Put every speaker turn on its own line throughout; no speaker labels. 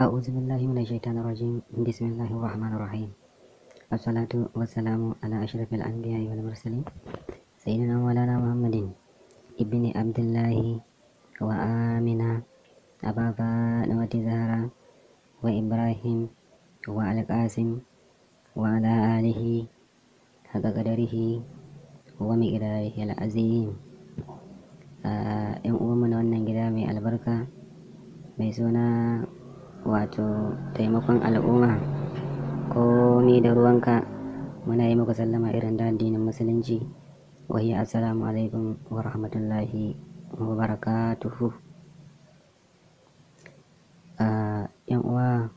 A'udzu billahi minasyaitonir rajim. Bismillahirrahmanirrahim. Asalatu wassalamu ala asyrafil anbiya'i wal mursalin sayyidina walana Muhammadin ibni Abdullah wa Amina Aba Zahra wa Ibrahim wa Al Qasim wa ala alihi hada qadarihi wa miqdarihi al azim. Uh, yang umumnya wannan gida mai albarka mai suna wato taimakon al'umma ko ni da ruwanka muna yi muku sallama irin da addinin musulunci wahi assalamu alaikum wa rahmatullahi wa barakatuhu yan uwa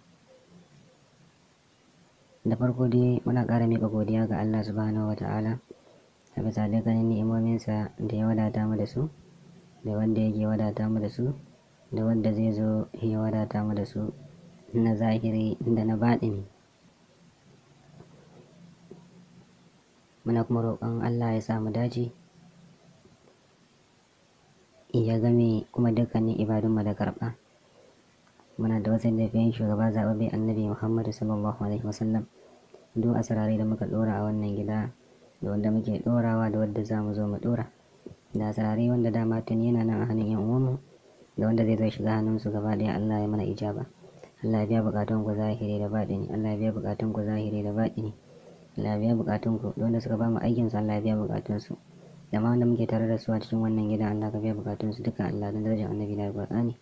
da farko dai muna ƙara mika godiya ga Allah subhanahu wa ta'ala a bisa ganin ni'imominsa da ya wadata mu da su da wanda yake wadata mu da su da wadda zai zo ya wadata mu da su na zahiri da na baɗini muna kuma roƙon Allah ya samu daji ya game kuma dukkanin ibadunmu da karɓa muna da wasu lafiyan shugaba zaɓaɓɓe annabi muhammadu sallallahu alaihi wasallam duk da muka ɗora a wannan gida da wanda muke ɗorawa da wadda za mu zo mu ɗora da asirare wanda dama tun yana nan a hannun 'yan uwanmu da wanda zai zo shiga hannunsu gaba ɗaya Allah ya mana ijaba Allah ya biya bukatun ku zahiri da baɗini Allah ya biya bukatun ku zahiri da baɗini Allah ya biya bukatun ku da wanda suka ba mu aikin su Allah ya biya bukatun su da ma wanda muke tare da su a cikin wannan gidan Allah ka biya bukatun su duka Allah don darajar annabi na Qur'ani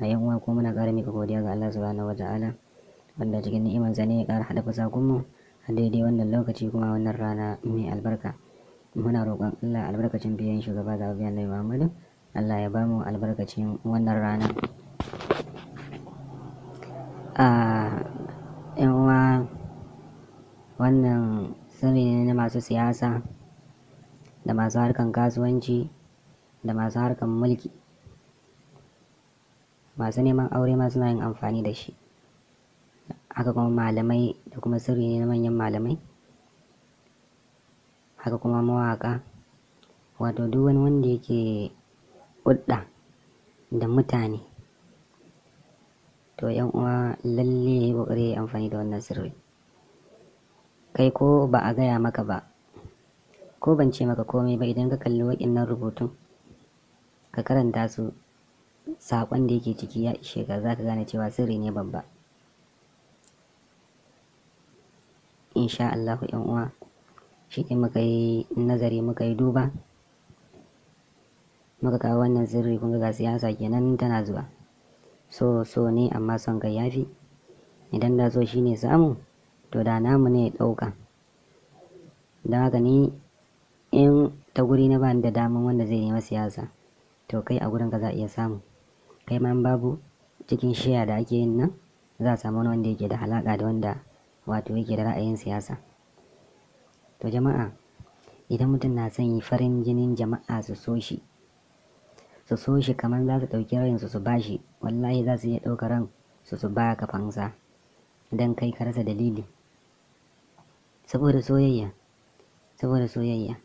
a yan uwa ko muna ƙara mika godiya ga Allah subhanahu wataala wanda cikin ni'imar sa ne ya ƙara haɗa kusakun mu a daidai wannan lokaci kuma wannan rana mai albarka muna roƙon Allah albarkacin biyan shugaba da abiyan Muhammadu Allah ya bamu albarkacin wannan rana a uwa wannan sirri ne na masu siyasa da masu harkan kasuwanci da masu harkan mulki masu neman aure ma suna yin amfani da shi haka kuma malamai da kuma sirri ne na manyan malamai haka kuma mawaƙa wato duk wani wanda yake hulɗa da mutane to yan uwa lalle yi kokari yi amfani da wannan sirri kai ko ba a gaya maka ba ko ban ce maka komai ba idan ka kalli nan rubutun ka karanta su saƙon da yake ciki ya ishe ka za ka gane cewa sirri ne babba insha Allahu yan uwa shi ne muka yi nazari muka yi duba muka kawo wannan sirri kun ga siyasa kenan tana zuwa so so ne amma son kai yafi idan da so shine samu to da namu ne ɗauka dan haka ni in ta guri na ba ni da daman wanda zai yi nema siyasa to kai a gurin ka za iya samu kai ma babu cikin shiya da ake yin nan za a samu wanda yake da alaka da wanda wato yake da ra'ayin siyasa to jama'a idan mutum na son yi farin jinin jama'a su so shi su so shi kamar za su ɗauki rayin su su shi wallahi za su iya ɗauka ran su su ba ka fansa don kai ka rasa dalili saboda soyayya saboda soyayya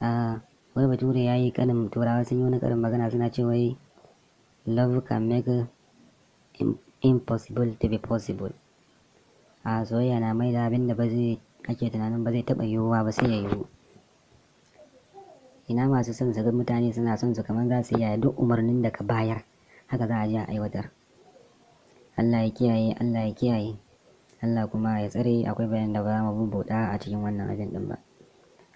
a wai bature ya yi kanin turawa sun yi wani karin magana suna cewa love can make impossible to be possible a soyayya na mai da abin da ba zai ake tunanin ba zai taɓa yiwuwa ba sai ya yiwu ina masu son su ga mutane suna son su kamar za su iya duk umarnin da ka bayar haka za a je a aiwatar Allah ya kiyaye Allah ya kiyaye Allah kuma ya tsare akwai bayan da ba za mu bubuɗa a cikin wannan abin din ba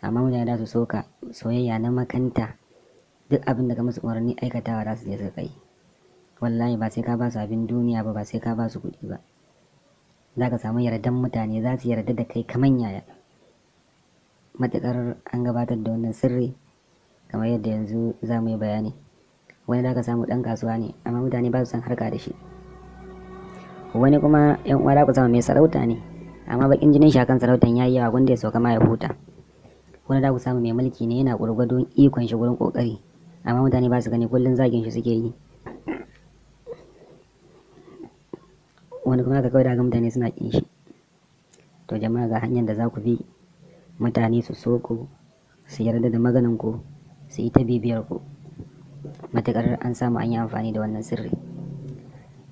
amma mutane da su soka soyayya na makanta duk abin da ka musu umarni aikatawa za su je su kai wallahi ba sai ka ba su abin duniya ba ba sai ka ba su kuɗi ba za ka samu yardan mutane za su yarda da kai kaman yaya matuƙar an gabatar da wannan sirri kamar yadda yanzu za mu yi bayani wani da ka samu ɗan kasuwa ne amma mutane ba su san harka da shi wani kuma yan uwa za ku samu mai sarauta ne amma bakin jinin shi akan sarautan yi yawa wanda ya sauka ma ya huta wani da ku samu mai mulki ne yana gurgurdon ikon shi gurin kokari amma mutane ba su gani kullun zagin shi suke yi wani kuma ka kawai daga mutane suna kin shi to jama'a ga hanyar da za ku bi mutane su so ku su yarda da maganin ku su yi ta bibiyar ku matuƙar an samu an yi amfani da wannan sirri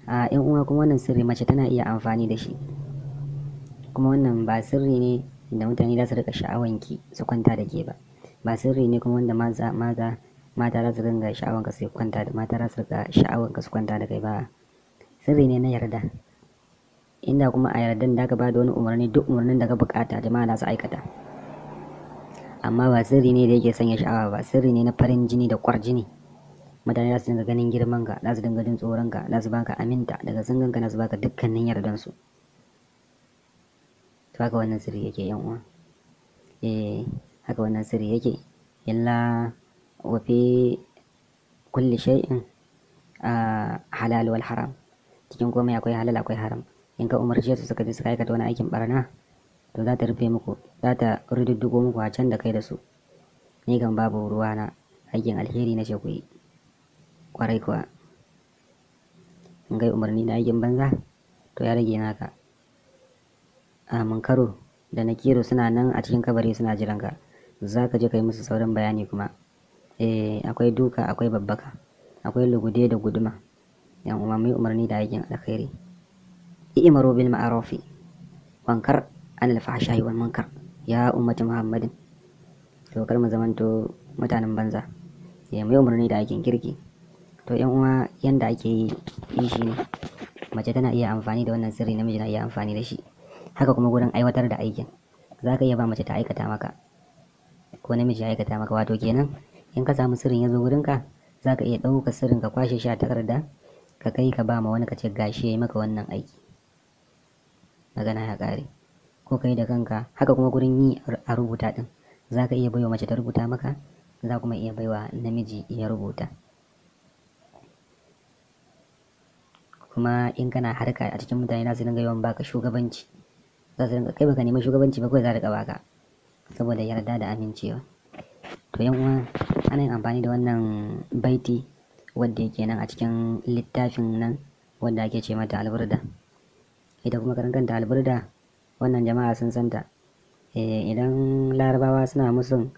a yan uwa kuma wannan sirri mace tana iya amfani da shi kuma wannan ba sirri ne da mutane za su rika ki su kwanta da ke ba ba sirri ne kuma wanda maza maza mata za su sha'awan sha'awanka su kwanta da mata za su rika sha'awanka su kwanta da kai ba sirri ne na yarda inda kuma a yardan da ka ba da wani umarni duk umarnin da ka bukata jama'a za su aikata amma ba sirri ne da yake sanya sha'awa ba sirri ne na farin jini da jini, mutane za su dinga ganin girman ka za su dinga jin tsoron ka za su baka aminta daga sun ganka na su baka dukkanin yardan su to haka wannan sirri yake yan uwa eh haka wannan sirri yake illa wa fi kulli shay'in halal wal haram cikin komai akwai halal akwai haram in ka umarce su suka je suka aikata wani aikin barna to za ta rufe muku za ta rududdugo muku a can da kai da su ni kan babu ruwa na aikin alheri na ce ku yi kwarai kuwa in kai umarni na aikin banza to ya rage naka a munkaro da na kero suna nan a cikin kabari suna jiran ka za ka je ka yi musu sauran bayani kuma eh akwai duka akwai babbaka akwai lugude da guduma yan umarni umarni da aikin alheri i'maru bil ma'arufi wankar an alfahsha wal munkar ya ummati muhammadin to kar mu zamanto mutanen banza ya mai umarni da aikin kirki to yan uwa yanda ake yi yi shi ne mace tana iya amfani da wannan sirri namiji na iya amfani da shi haka kuma gurin aiwatar da aikin za ka iya ba mace ta aikata maka ko namiji ya aikata maka wato kenan in ka samu sirrin ya zo ka? za ka iya ɗauka sirrin ka kwashe shi a takarda ka kai ka ba ma wani ka ce gashi ya yi maka wannan aiki magana ya ƙare ko kai da kanka haka kuma gurin yi a rubuta din za ka iya baiwa mace ta rubuta maka za kuma iya baiwa namiji ya rubuta kuma in kana harka a cikin mutane za su dinga yawan baka shugabanci za su dinga kai baka neman shugabanci ba kawai za ka baka saboda yarda da amincewa to yan uwa ana yin amfani da wannan baiti wadda yake nan a cikin littafin nan wanda ake ce mata alburda ita kuma karan kanta alburda wannan jama'a sun santa eh, idan larabawa suna musun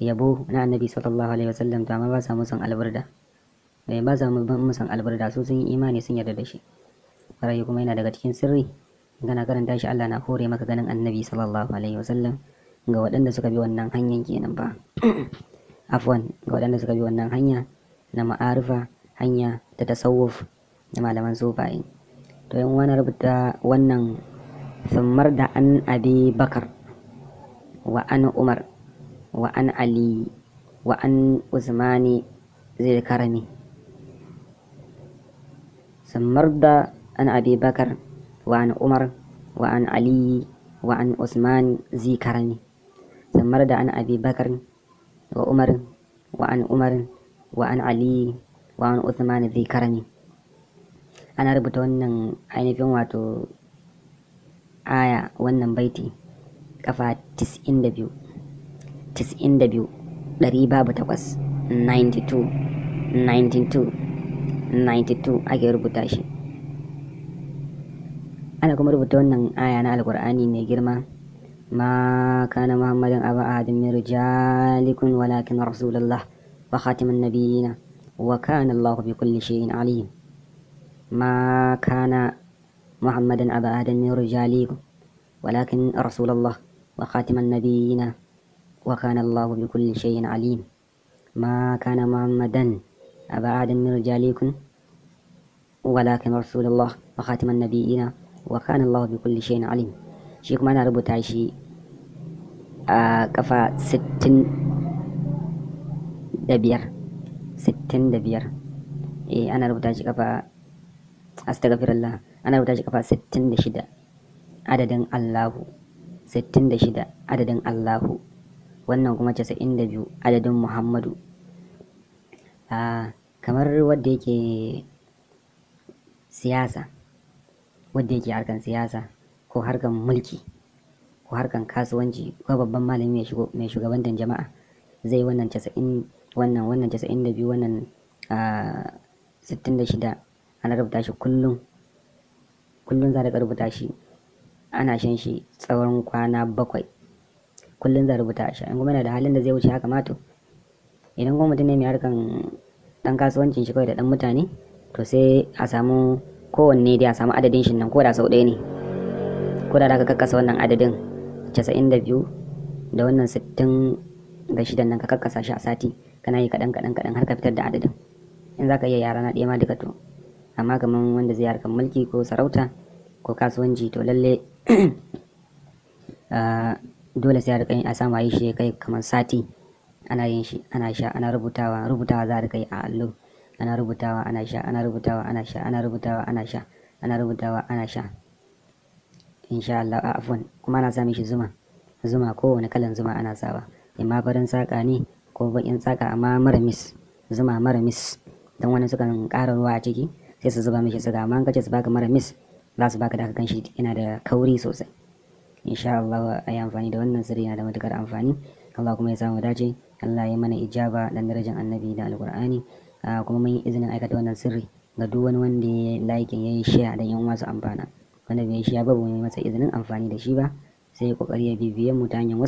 yabo na annabi sallallahu alaihi wasallam to amma ba sa musun alburda eh, ba sa musun alburda su sun yi imani sun yarda da shi rayu kuma yana daga cikin sirri gana karanta shi Allah na hore maka ganin annabi sallallahu alaihi wasallam ga waɗanda suka bi wannan hanyar kenan ba afwan ga waɗanda suka bi wannan hanya na ma'arifa hanya ta tasawuf da malaman sufai to yan wani rubuta wannan sammar da an abi wa an umar wa an ali wa an usmani zai karami sammar an wa an umar wa an ali wa an zai karami an wa umar wa an umar wa an ali wa ana rubuta wannan ainihin wato aya wannan baiti kafa 92 ake rubuta shi ana kuma rubuta wannan aya na alkur'ani mai girma ma kana muhammadin abu ahadin min rijalikum walakin rasulullah wa khatimin nabiyina wa kana allahu bi kulli shay'in ma kana محمدا أبا آدم من رجاليكم ولكن رسول الله وخاتم النبيين وكان الله بكل شيء عليم ما كان محمدا أبا آدم من رجاليكم ولكن رسول الله وخاتم النبيين وكان الله بكل شيء عليم شيخ ما نربط شيء kafa 65 65 eh ana rubuta shi kafa astaghfirullah ana rubuta shi kafa 66 adadin Allahu 66 adadin Allahu wannan kuma 92 adadin Muhammadu a ah, kamar wadda yake siyasa wadda yake harkan siyasa ko harkan mulki ko harkan kasuwanci ko babban malami mai shugabantar jama'a zai wannan 90 wannan wannan 92 wannan 66 ah, ana rubuta shi kullum kullum za a rubuta shi ana shan shi tsawon kwana bakwai kullum za a rubuta shi in kuma yana da halin da zai wuce haka ma to idan kuma mutum ne mai harkan dan kasuwancin shi kawai da dan mutane to sai a samu kowanne dai a samu adadin shi nan ko da sau ɗaya ne ko da ka kakkasa wannan adadin casa'in da biyu da wannan sittin da shidan nan ka kakkasa shi a sati kana yi kaɗan kaɗan kaɗan har ka fitar da adadin in za ka iya yara na ɗaya ma duka to amma kamar wanda zai harkar mulki ko sarauta ko kasuwanci to lalle ah, dole sai a samu a yi shi kai kamar sati ana yin shi ana sha ana rubutawa rubutawa za a kai a allo ana rubutawa ana sha ana rubutawa ana sha ana rubutawa ana sha ana rubutawa ana sha insha Allah a afwan kuma ana sami shi zuma zuma ko wani kalan zuma ana sawa imma farin saka ne ko bakin saka amma mara mis zuma mara mis don wani sukan ƙara ruwa a ciki sai su zuba mishi suga amma an kace su baka mara mis za su baka da aka ganshi yana da kauri sosai insha Allah a yi amfani da wannan sirri yana da matukar amfani Allah kuma ya samu dace Allah ya mana ijaba dan darajar annabi da alqur'ani ah, kuma mun yi izinin aikata wannan sirri ga duk wani wanda ya like ya yi share da yan wasu amfana wanda bai share ba bai masa izinin amfani da shi ba sai kokari ya bibiye mu ta hanyar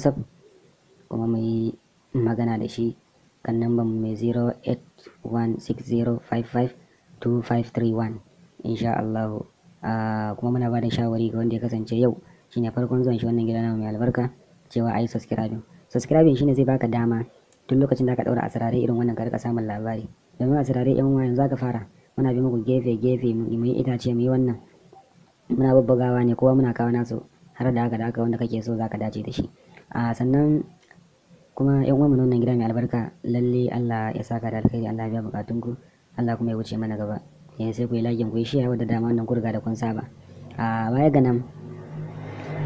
kuma mu yi magana da shi kan namban mai 0816055 2531 insha Allah ah, kuma muna bada shawari ga wanda ya kasance yau shine farkon zuwan shi wannan gida na mai albarka cewa ayi subscribing subscribing shine zai baka dama tun lokacin da ka daura asirare irin wannan ka rika samun labari domin asirare yan wayan aka fara muna bi muku gefe gefe mu yi itace mu yi wannan muna babbagawa ne kowa muna kawo nasu har da haka da haka wanda kake so zaka dace da shi a ah, sannan kuma yan mu wannan gida mai albarka lalle Allah ya saka da alkhairi Allah ya biya bukatunku ku Allah kuma ya wuce mana gaba yanzu eh, sai ku yi lagin ku yi shiya wadda dama wannan kurga da kun saba a baya ga nan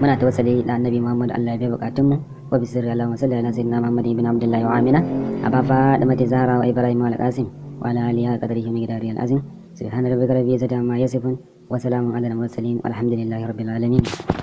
muna wasali da annabi Muhammad Allah ya biya bukatun mu wa bi sirri Allahumma salli ala sayyidina Muhammad ibn Abdullah wa amina aba fa da mata Zahra wa Ibrahim wa Qasim wa ala aliya wa qadrihi min gidari al azim bi rabbika ya izzati amma yasifun wa salamun ala al mursalin walhamdulillahi rabbil alamin